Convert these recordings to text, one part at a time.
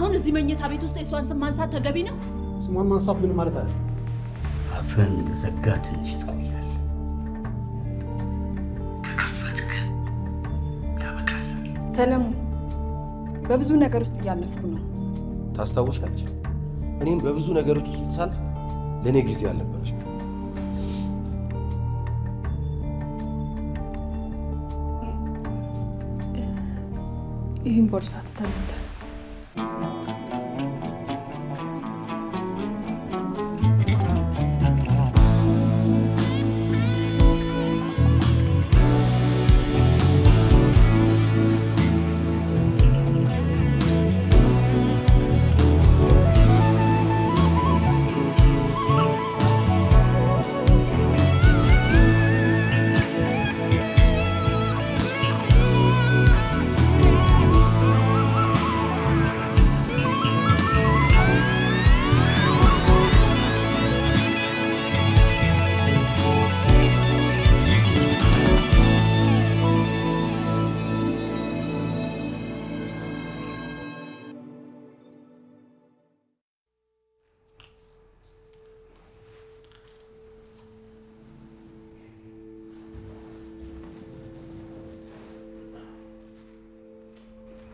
አሁን እዚህ መኝታ ቤት ውስጥ የእሷን ስም ማንሳት ተገቢ ነው? ስሟን ማንሳት ምን ማለት አለ? አፈን እንደዘጋ ትንሽ ትቆያለህ። ከከፈትክ ያበቃል። ሰለሙ፣ በብዙ ነገር ውስጥ እያለፍኩ ነው። ታስታውሻለች። እኔም በብዙ ነገሮች ውስጥ ሳልፍ ለእኔ ጊዜ አልነበረች። ይህን ቦርሳ ትተህ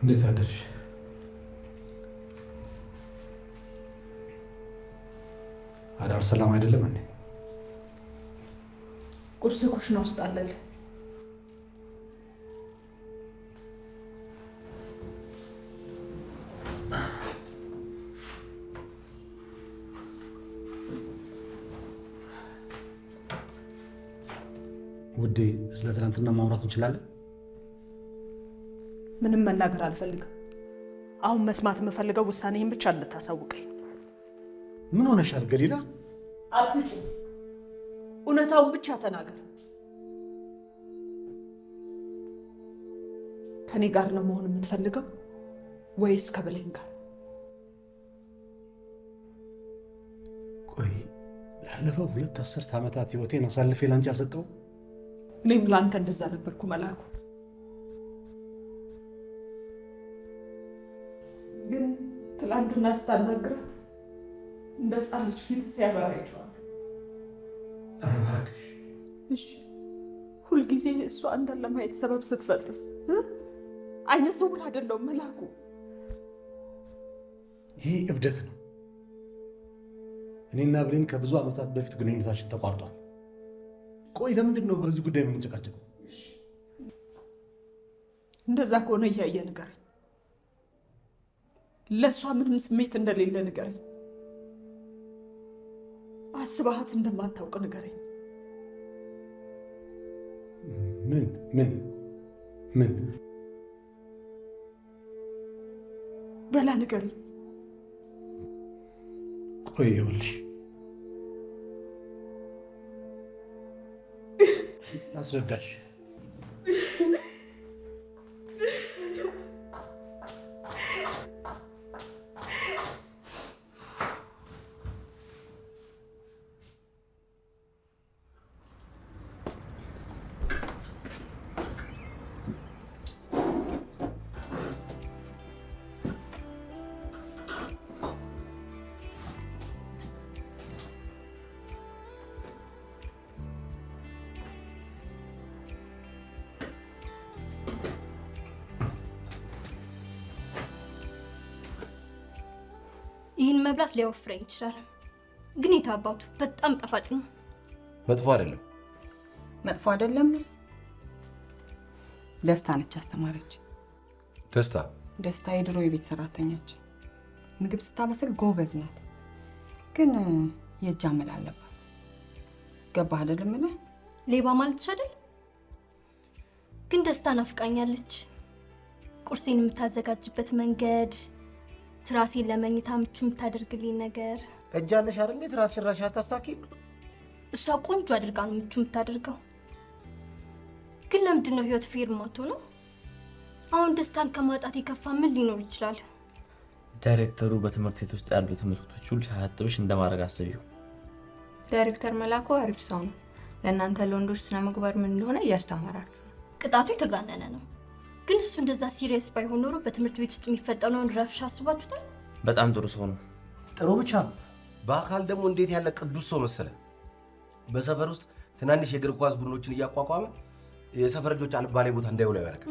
እንዴት አደርሽ? አዳር ሰላም አይደለም እንዴ? ቁርስ ኩሽና ውስጥ አለል። ውዴ፣ ስለ ትናንትና ማውራት እንችላለን? ምንም መናገር አልፈልግም። አሁን መስማት የምፈልገው ውሳኔህን ብቻ እንድታሳውቀኝ ምን ሆነሻል ገሊላ? አትጩ፣ እውነታውን ብቻ ተናገር። ከኔ ጋር ነው መሆን የምትፈልገው ወይስ ከብሌን ጋር? ቆይ ላለፈው ሁለት አስርት ዓመታት ህይወቴን አሳልፌ ላንቺ አልሰጠው? እኔም ለአንተ እንደዛ ነበርኩ መላኩ ትላንትና ስታናግራት እንደ ሕፃን ፊት ሲያበራይቸዋል። እሺ፣ ሁልጊዜ እሷ አንተን ለማየት ሰበብ ስትፈጥርስ አይነ ስውር አይደለሁም መላኩ። ይህ እብደት ነው። እኔና ብሌን ከብዙ ዓመታት በፊት ግንኙነታችን ተቋርጧል። ቆይ ለምንድን ነው በዚህ ጉዳይ የምንጨቃጨቀው? እንደዛ ከሆነ እያየ ንገረኝ። ለእሷ ምንም ስሜት እንደሌለ ንገረኝ። አስባሃት እንደማታውቅ ንገረኝ። ምን ምን ምን በላ ንገረኝ። ቆይ ይኸውልሽ ላስረዳሽ መብላት ሊያወፍረኝ ይችላል፣ ግን የታባቱ በጣም ጣፋጭ ነው። መጥፎ አይደለም። መጥፎ አይደለም። ደስታ ነች አስተማረች። ደስታ ደስታ የድሮ የቤት ሰራተኛች ምግብ ስታበስል ጎበዝ ናት፣ ግን የእጅ አመል አለባት። ገባህ አይደለም? ምን ሌባ ማለት አይደል? ግን ደስታ ናፍቃኛለች። ቁርሴን የምታዘጋጅበት መንገድ ትራሴን ለመኝታ ምቹ የምታደርግልኝ ነገር እጃለሽ አይደል? ትራስሽን ራስሽ አታሳኪ። እሷ ቆንጆ አድርጋ ነው ምቹ የምታደርገው። ግን ለምንድን ነው ህይወት ፌር ነው። አሁን ደስታን ከማጣት የከፋ ምን ሊኖር ይችላል? ዳይሬክተሩ በትምህርት ቤት ውስጥ ያሉት መስኮቶች ሁሉ ሳያጥብሽ እንደማድረግ አስቢው። ዳይሬክተር መላኩ አሪፍ ሰው ነው። ለእናንተ ለወንዶች ስነ ምግባር ምን እንደሆነ እያስተማራችሁ። ቅጣቱ የተጋነነ ነው። ግን እሱ እንደዛ ሲሪየስ ባይሆን ኖሮ በትምህርት ቤት ውስጥ የሚፈጠነውን ረብሻ አስባችሁታል? በጣም ጥሩ ሰው ነው። ጥሩ ብቻ በአካል ደግሞ እንዴት ያለ ቅዱስ ሰው መሰለ። በሰፈር ውስጥ ትናንሽ የእግር ኳስ ቡድኖችን እያቋቋመ የሰፈር ልጆች አልባሌ ቦታ እንዳይውለው ያደረገ።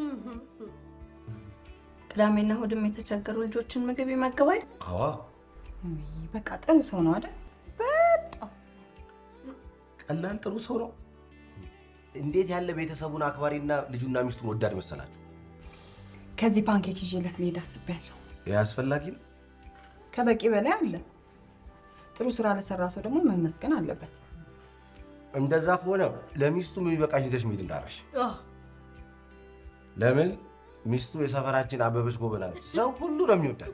ቅዳሜና እሑድም የተቸገሩ ልጆችን ምግብ ይመግባል። አዋ በቃ ጥሩ ሰው ነው አይደል? በጣም ቀላል ጥሩ ሰው ነው። እንዴት ያለ ቤተሰቡን አክባሪና ልጁና ሚስቱን ወዳድ መሰላችሁ። ከዚህ ፓንኬክ ይዤለት ልሄድ አስቤያለሁ። አስፈላጊ ነው። ከበቂ በላይ አለ። ጥሩ ስራ ለሰራ ሰው ደግሞ መመስገን አለበት። እንደዛ ከሆነ ለሚስቱ የሚበቃሽ ይዘሽ መሄድ እንዳለሽ። ለምን ሚስቱ የሰፈራችን አበበች ጎበና ነች። ሰው ሁሉ ነው የሚወዳት።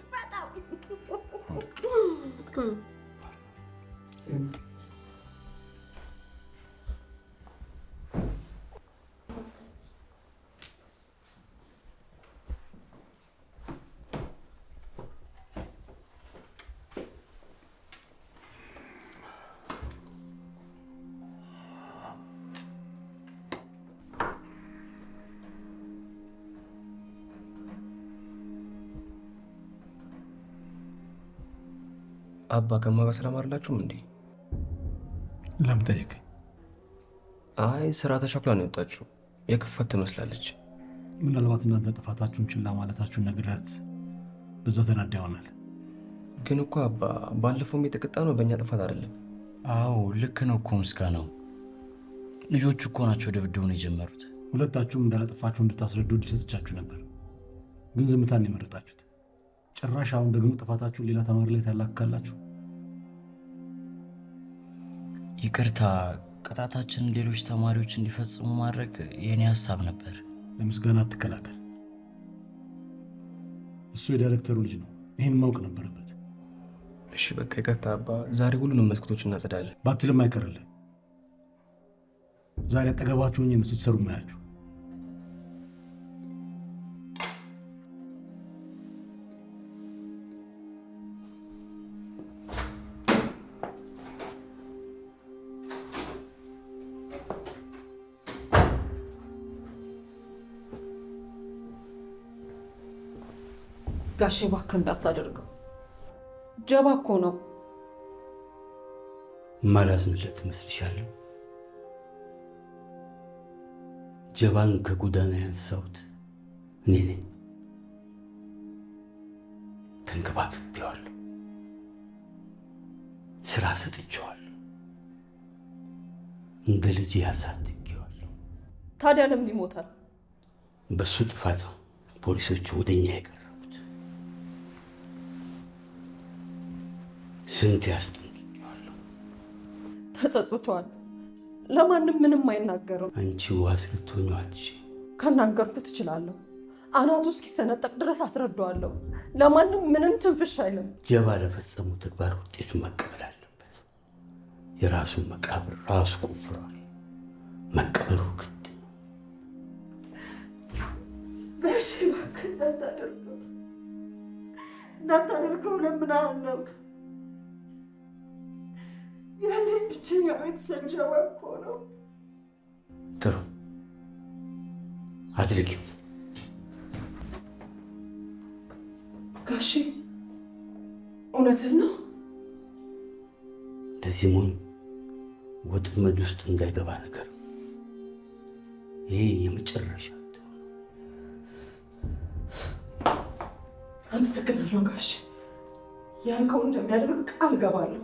አባ ከማ ጋር ሰላም እንዴ? ለምን ጠየቀኝ? አይ ስራ ተቻኩላ ነው የወጣችሁ። የክፈት ትመስላለች። ምናልባት እናንተ ጥፋታችሁን ችላ ማለታችሁን ነግራት ብዙ ተናዳ ይሆናል። ግን እኮ አባ ባለፈውም የተቀጣ ነው በእኛ ጥፋት አይደለም። አዎ ልክ ነው እኮ ምስጋናው። ልጆቹ እኮ ናቸው ድብድቡ ነው የጀመሩት። ሁለታችሁም እንዳላጠፋችሁ እንድታስረዱ እድል ነበር፣ ግን ዝምታን የመረጣችሁት። ጭራሽ አሁን ደግሞ ጥፋታችሁን ሌላ ተማሪ ላይ ታላክካላችሁ። ይቅርታ፣ ቅጣታችንን ሌሎች ተማሪዎች እንዲፈጽሙ ማድረግ የእኔ ሀሳብ ነበር። ለምስጋና አትከላከል። እሱ የዳይሬክተሩ ልጅ ነው። ይህን ማወቅ ነበረበት። እሺ በቃ ይቅርታ አባ፣ ዛሬ ሁሉንም መስኮቶች እናጸዳለን። ባትልም አይቀርልን። ዛሬ አጠገባችሁኝ ነው ስትሰሩ ማያችሁ ጋሼ እባክህ እንዳታደርገው። ጀባ እኮ ነው። ማላዝንለት እመስልሻለሁ? ጀባን ከጎዳና ያንሳውት እኔ ነኝ። ተንከባክቤዋለሁ፣ ስራ ሰጥቼዋለሁ፣ እንደ ልጅ ያሳድጌዋለሁ። ታዲያ ለምን ይሞታል? በሱ ጥፋት ፖሊሶቹ ወደኛ ይቀር ስንት ያስጠንቅቄዋለሁ። ተጸጽቷል። ለማንም ምንም አይናገርም። አንቺ ዋስ ልትሆኚ ከናገርኩት ትችላለሁ አናቱ እስኪሰነጠቅ ድረስ አስረዳዋለሁ። ለማንም ምንም ትንፍሽ አይልም። ጀባ ለፈጸሙ ተግባር ውጤቱን መቀበል አለበት። የራሱን መቃብር ራሱ ቆፍሯል። መቀበሩ ግድ ነው። በሺ እባክህ እንዳታደርገው፣ እንዳታደርገው ለምናለው ያለ ብቸኛ ቤተሰብ ጀባ እኮ ነው። ጥሩ አድርጊው ጋሼ። እውነትን ነው። ለዚህ ሞኝ ወጥመድ ውስጥ እንዳይገባ ነገር ይሄ የመጨረሻ አመሰግናለሁ ጋሽ። ያልከው እንደሚያደርግ ቃል ገባለሁ።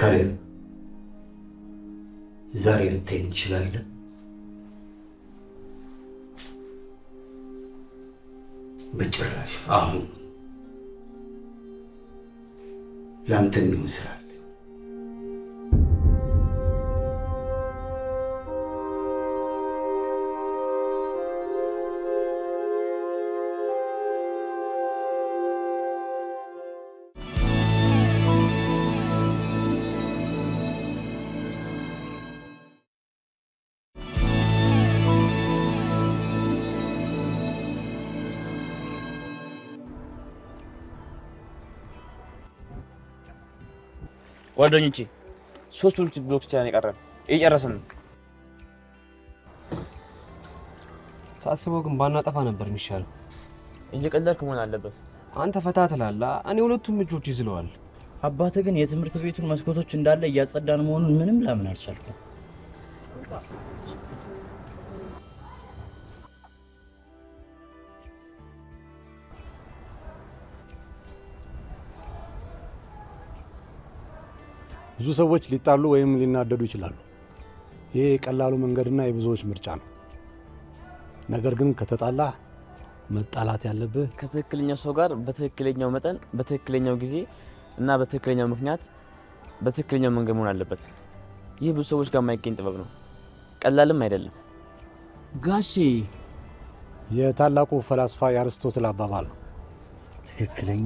ካለን ዛሬ ልታይ እንችላለን። በጭራሽ አሁን ለአንተ የሚሆን ስራ ጓደኞቼ ሶስት ሁለት ቤተክርስቲያን የቀረን እየጨረስን ነው። ሳስበው ግን ባናጠፋ ነበር የሚሻለው። እየቀለድክ መሆን አለበት። አንተ ፈታ ትላላ እኔ ሁለቱም እጆች ይዝለዋል። አባትህ ግን የትምህርት ቤቱን መስኮቶች እንዳለ እያጸዳን መሆኑን ምንም ላምን አልቻልኩም። ብዙ ሰዎች ሊጣሉ ወይም ሊናደዱ ይችላሉ። ይህ የቀላሉ መንገድና የብዙዎች ምርጫ ነው። ነገር ግን ከተጣላህ መጣላት ያለብህ ከትክክለኛው ሰው ጋር በትክክለኛው መጠን፣ በትክክለኛው ጊዜ እና በትክክለኛው ምክንያት በትክክለኛው መንገድ መሆን አለበት። ይህ ብዙ ሰዎች ጋር የማይገኝ ጥበብ ነው፣ ቀላልም አይደለም። ጋሼ የታላቁ ፈላስፋ የአርስቶትል አባባል ነው። ትክክለኛ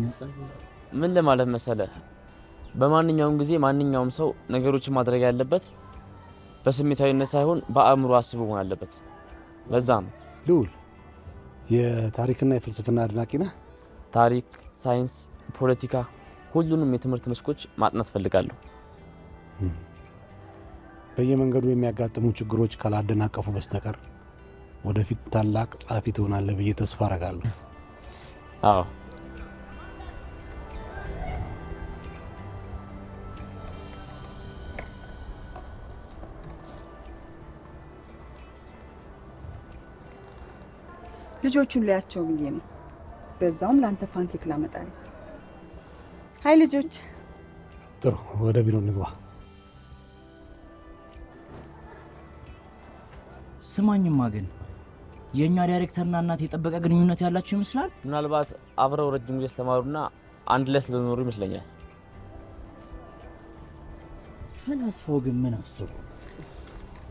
ምን ለማለት መሰለ በማንኛውም ጊዜ ማንኛውም ሰው ነገሮችን ማድረግ ያለበት በስሜታዊነት ሳይሆን በአእምሮ አስቦ መሆን አለበት። ለዛ ነው ልዑል፣ የታሪክና የፍልስፍና አድናቂ ነህ። ታሪክ፣ ሳይንስ፣ ፖለቲካ፣ ሁሉንም የትምህርት መስኮች ማጥናት ፈልጋለሁ። በየመንገዱ የሚያጋጥሙ ችግሮች ካላደናቀፉ በስተቀር ወደፊት ታላቅ ጸሐፊ ትሆናለህ ብዬ ተስፋ አረጋለሁ። አዎ ልጆቹን ሊያቸው ብዬ ነው። በዛውም ለአንተ ፓንኬክ ላመጣል። ሀይ ልጆች፣ ጥሩ ወደ ቢሮ እንግባ። ስማኝማ ግን የእኛ ዳይሬክተርና እናት የጠበቀ ግንኙነት ያላቸው ይመስላል። ምናልባት አብረው ረጅም ጊዜ ስለተማሩና አንድ ላይ ስለኖሩ ይመስለኛል። ፈላስፋው ግን ምን አስቡ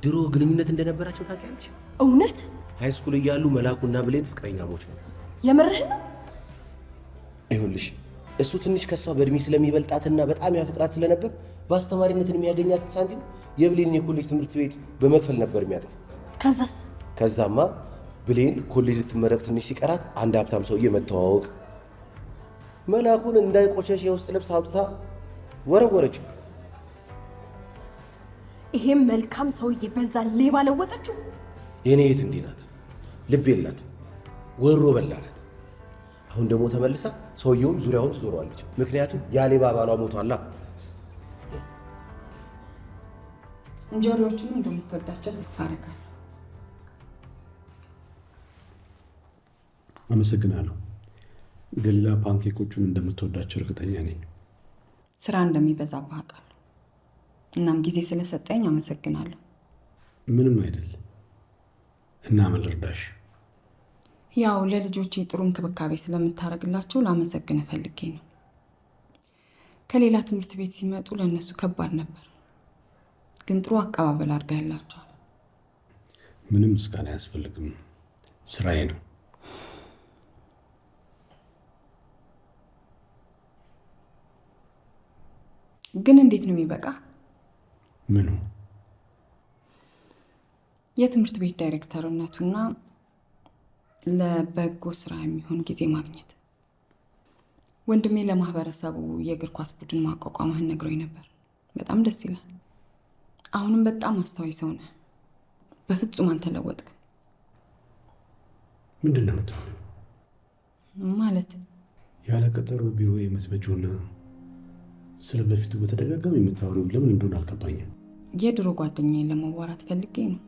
ድሮ ግንኙነት እንደነበራቸው ታውቂያለሽ? እውነት ሃይስኩል እያሉ መላኩና ብሌን ፍቅረኛሞች ነው። የምርህ ነው? ይሁንልሽ እሱ ትንሽ ከሷ በእድሜ ስለሚበልጣትና በጣም ያፈቅራት ስለነበር በአስተማሪነትን የሚያገኛትን ሳንቲም የብሌን የኮሌጅ ትምህርት ቤት በመክፈል ነበር የሚያጠፋው። ከዛስ? ከዛማ ብሌን ኮሌጅ ልትመረቅ ትንሽ ሲቀራት አንድ ሀብታም ሰውዬ መተዋወቅ፣ መላኩን እንዳይቆሸሽ የውስጥ ልብስ አውጥታ ወረወረችው። ይሄም መልካም ሰውዬ በዛ ሌባ ለወጠችው። የኔ የት እንዲህ ናት። ልብ የላት ወሮ በላናት። አሁን ደግሞ ተመልሳ ሰውየውን ዙሪያውን ትዞረዋለች። ምክንያቱም ያሌባ ባሏ ሞቷላ። እንጆሪዎቹንም እንደምትወዳቸው ተስፋ አደርጋለሁ። አመሰግናለሁ። ገሊላ ፓንኬኮቹን እንደምትወዳቸው እርግጠኛ ነኝ። ስራ እንደሚበዛ አውቃለሁ። እናም ጊዜ ስለሰጠኝ አመሰግናለሁ። ምንም አይደል። እና ምን ልርዳሽ? ያው ለልጆቼ ጥሩ እንክብካቤ ስለምታደርግላቸው ላመሰግን ፈልጌ ነው። ከሌላ ትምህርት ቤት ሲመጡ ለእነሱ ከባድ ነበር፣ ግን ጥሩ አቀባበል አድርጋ ያላቸዋል። ምንም ምስጋና አያስፈልግም፣ ስራዬ ነው። ግን እንዴት ነው የሚበቃ? ምኑ የትምህርት ቤት ዳይሬክተርነቱና ለበጎ ስራ የሚሆን ጊዜ ማግኘት። ወንድሜ ለማህበረሰቡ የእግር ኳስ ቡድን ማቋቋምህን ነግሮኝ ነበር። በጣም ደስ ይላል። አሁንም በጣም አስተዋይ ሰው ነህ። በፍጹም አልተለወጥክም። ምንድን ነው የምትሆነው? ማለት ያለ ቀጠሮ ቢሮ የምትመጪውና ስለ በፊቱ በተደጋጋሚ የምታወሪው ለምን እንደሆነ አልገባኝም። የድሮ ጓደኛዬን ለመዋራት ፈልጌ ነው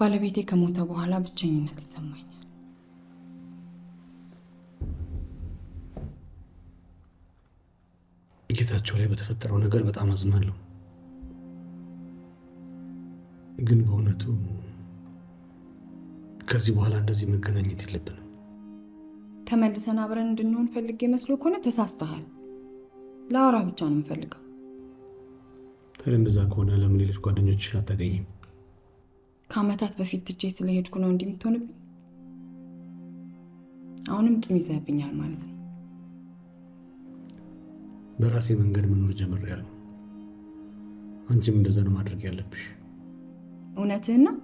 ባለቤቴ ከሞተ በኋላ ብቸኝነት ይሰማኛል። ጌታቸው ላይ በተፈጠረው ነገር በጣም አዝናለሁ። ግን በእውነቱ ከዚህ በኋላ እንደዚህ መገናኘት የለብንም። ተመልሰን አብረን እንድንሆን ፈልጌ መስሎ ከሆነ ተሳስተሃል። ለአውራ ብቻ ነው የምፈልገው። ታዲያ እንደዛ ከሆነ ለምን ሌሎች ጓደኞችሽን አታገኝም? ከአመታት በፊት ትቼ ስለሄድኩ ነው እንዲህ የምትሆንብኝ። አሁንም ቂም ይዘህብኛል ማለት ነው። በራሴ መንገድ መኖር ጀምሬያለሁ። አንቺም እንደዛ ነው ማድረግ ያለብሽ። እውነትህን ነው።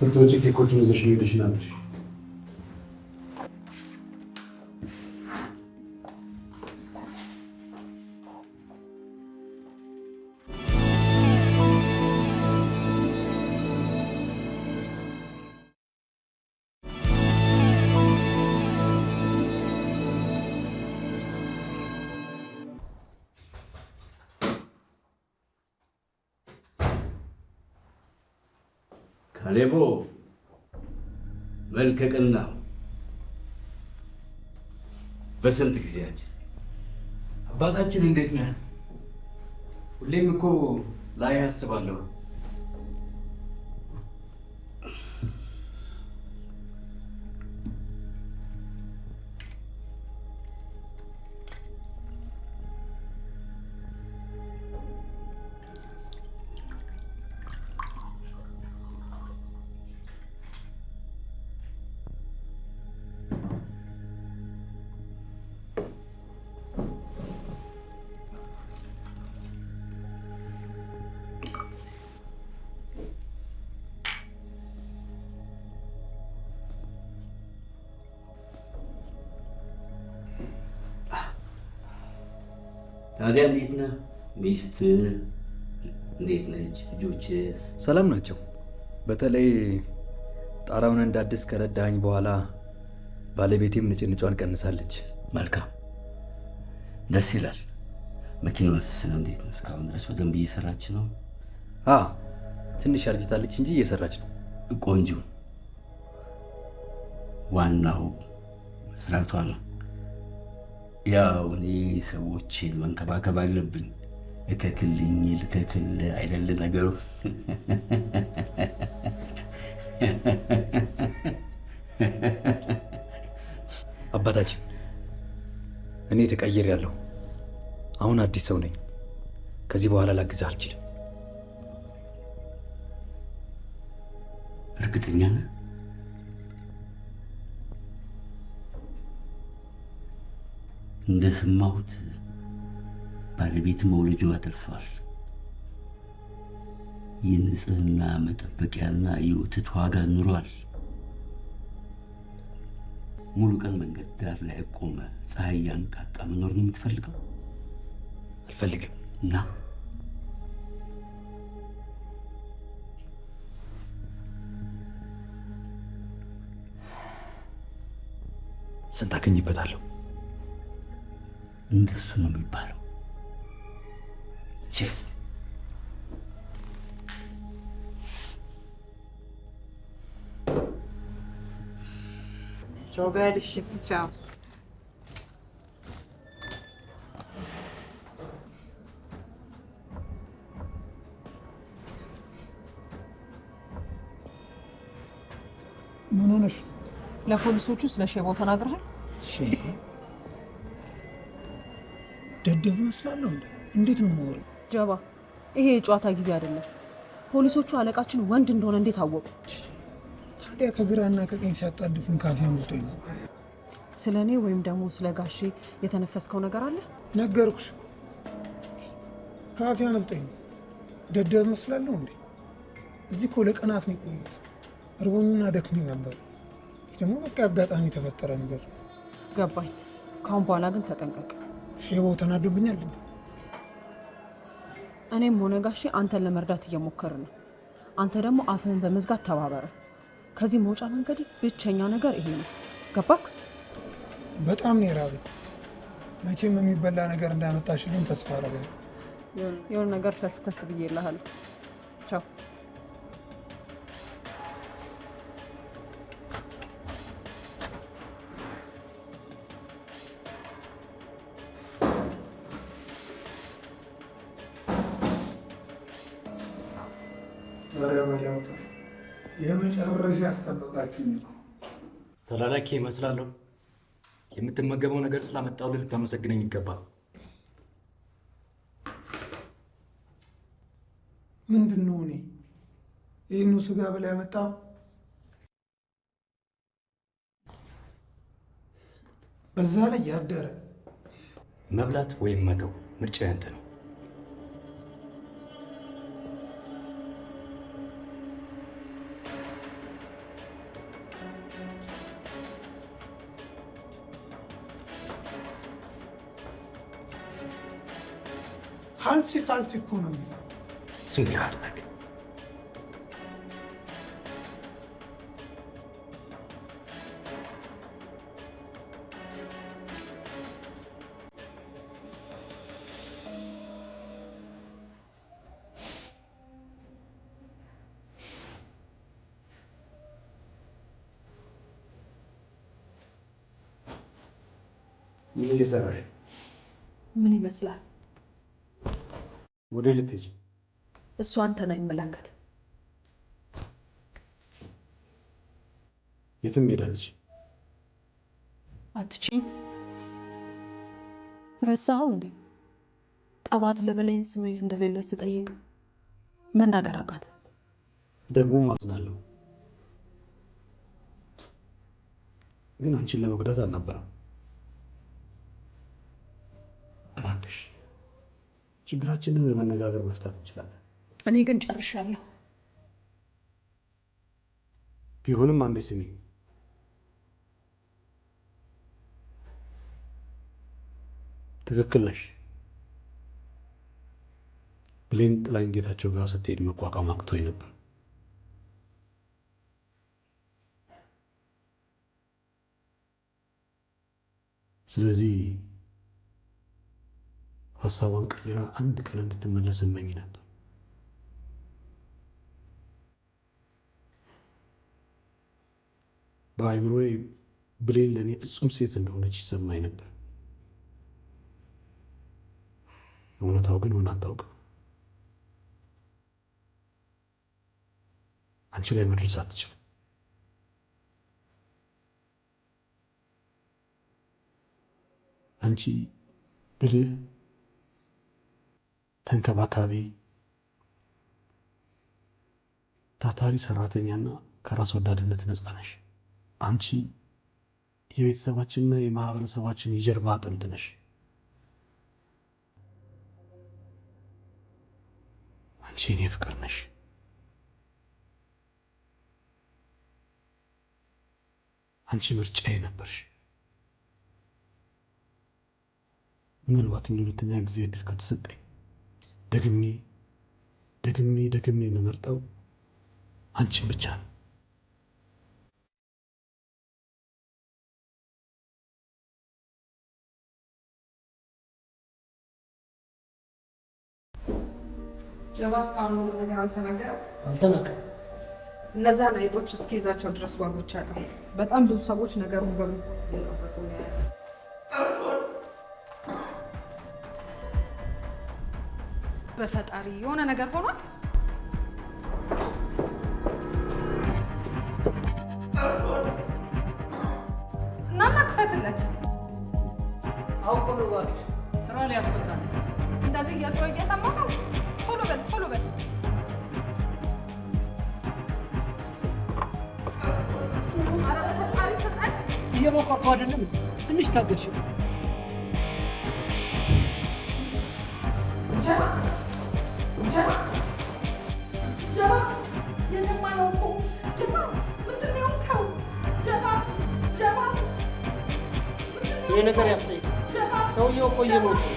ስንት ኬኮችን ይዘሽ ሄደሽ ናለሽ? ካሌቦ መልከቅና በስንት ጊዜያችን አባታችን እንዴት ነህ? ሁሌም እኮ ላይ አስባለሁ። ታዲያ እንዴት ነህ? ሚስት እንዴት ነች? ልጆች ሰላም ናቸው? በተለይ ጣራውን እንደ አዲስ ከረዳኝ በኋላ ባለቤቴም ንጭንጯን ቀንሳለች። መልካም፣ ደስ ይላል። መኪናዋስ እንዴት ነው? እስካሁን ድረስ በደንብ እየሰራች ነው? አዎ፣ ትንሽ አርጅታለች እንጂ እየሰራች ነው። ቆንጆ። ዋናው መስራቷ ነው። ያው እኔ ሰዎችን መንከባከብ አለብኝ። እከክልኝ ልከክል አይደለ ነገሩ። አባታችን እኔ ተቀይሬያለሁ። አሁን አዲስ ሰው ነኝ። ከዚህ በኋላ ላግዝህ አልችልም። እርግጠኛ ነህ? እንደሰማሁት ባለቤት መውለጃዋ ተርፏል። የንጽህና መጠበቂያና የወተት ዋጋ ኑሯል። ሙሉ ቀን መንገድ ዳር ላይ ቆመ ፀሐይ ያንቃቃ መኖር ነው የምትፈልገው? አልፈልግም። እና ስንት አገኝበታለሁ? እንደሱ ነው የሚባለው። ቺርስ። ቻው በልሽ። ምን ሆነሽ? ለፖሊሶቹ ስለ ሼባው ተናግረሃል? ደደብ ይመስላለሁ እንዴ? እንዴት ነው የማወራው? ጀባ፣ ይሄ የጨዋታ ጊዜ አይደለም። ፖሊሶቹ አለቃችን ወንድ እንደሆነ እንዴት አወቁ? ታዲያ ከግራና ከቀኝ ሲያጣድፉን ካፌ አምልጦኝ ነው። ስለ እኔ ወይም ደግሞ ስለ ጋሼ የተነፈስከው ነገር አለ? ነገርኩሽ፣ ካፌ አምልጦኝ ነው። ደደብ ይመስላለሁ እንዴ? እዚህ እኮ ለቀናት ነው የቆየሁት። እርቦኝና ደክሞኝ ነበር። ደግሞ በቃ አጋጣሚ የተፈጠረ ነገር ገባኝ። ካሁን በኋላ ግን ተጠንቀቅ። ሼባው ተናዶብኛል። እኔም ሆነ ጋሼ አንተን ለመርዳት እየሞከርን ነው። አንተ ደግሞ አፍህን በመዝጋት ተባበረ። ከዚህ መውጫ መንገድ ብቸኛ ነገር ይሄ ነው። ገባክ? በጣም ነው የራበኝ። መቼም የሚበላ ነገር እንዳመጣሽልኝ ተስፋ አደረጋለሁ። የሆነ ነገር ተፍ ተፍ ብዬ እልሃለሁ። ወረበለው የመጨረሻ ያስጠበቃችሁኝ እኮ ተላላኪ እመስላለሁ። የምትመገበው ነገር ስላመጣሁልህ ልታመሰግነኝ ይገባል። ምንድን ነው እኔ ይህኑ ስጋ በላይ ያመጣው? በዛ ላይ ያደረ መብላት ወይም መተው ምርጫ ያንተ ነው። خالتي خالتي كونوا امي سيدي عرضك من الجزائر ወደ ልትሄጂ እሱ አንተ ነው ይመለከት። የትም ሄዳለች። አትቺ ረሳው እንዴ? ጠባት ለበለኝ ስሜት እንደሌለ ስጠይቅ መናገር አቃት። ደግሞ ማዝናለሁ፣ ግን አንቺን ለመጉዳት አልነበረም። እባክሽ ችግራችንን በመነጋገር መፍታት እንችላለን። እኔ ግን ጨርሻለሁ። ቢሆንም አንዴ ስሚ፣ ትክክል ነሽ። ብሌን ጥላኝ ጌታቸው ጋር ስትሄድ መቋቋም አቅቶኝ ነበር። ስለዚህ ሀሳቧን ቀይራ አንድ ቀን እንድትመለስ እመኝ ነበር። በአእምሮዬ ብሌን ለእኔ ፍጹም ሴት እንደሆነች ይሰማኝ ነበር። እውነታው ግን ሆና አታውቅም። አንቺ ላይ መድረስ አትችልም። አንቺ ብልህ ተንከባካቢ፣ ታታሪ ሰራተኛና ከራስ ወዳድነት ነፃ ነሽ። አንቺ የቤተሰባችንና የማህበረሰባችን የጀርባ አጥንት ነሽ። አንቺ ኔ ፍቅር ነሽ። አንቺ ምርጫዬ ነበርሽ። ምናልባት ሁለተኛ ጊዜ እድል ከተሰጠኝ ደግሜ ደግሜ ደግሜ የምመርጠው አንቺን ብቻ ነው። እነዛን አይጦች እስኪይዛቸው ድረስ ዋጎቻለሁ። በጣም ብዙ ሰዎች ነገሩን በሉ በፈጣሪ የሆነ ነገር ሆኗል። እናና ክፈትለት። አውቆ ነው እባክሽ፣ ስራ ሊያስፈታ ነው። እንደዚህ እያጮኸ ነው። ቶሎ በል ቶሎ በል። እየሞከርኩ አይደለም፣ ትንሽ ታገሽ። ይሄ ነገር ያስጠይቃል። ሰውየው እኮ እየሞተ ነው።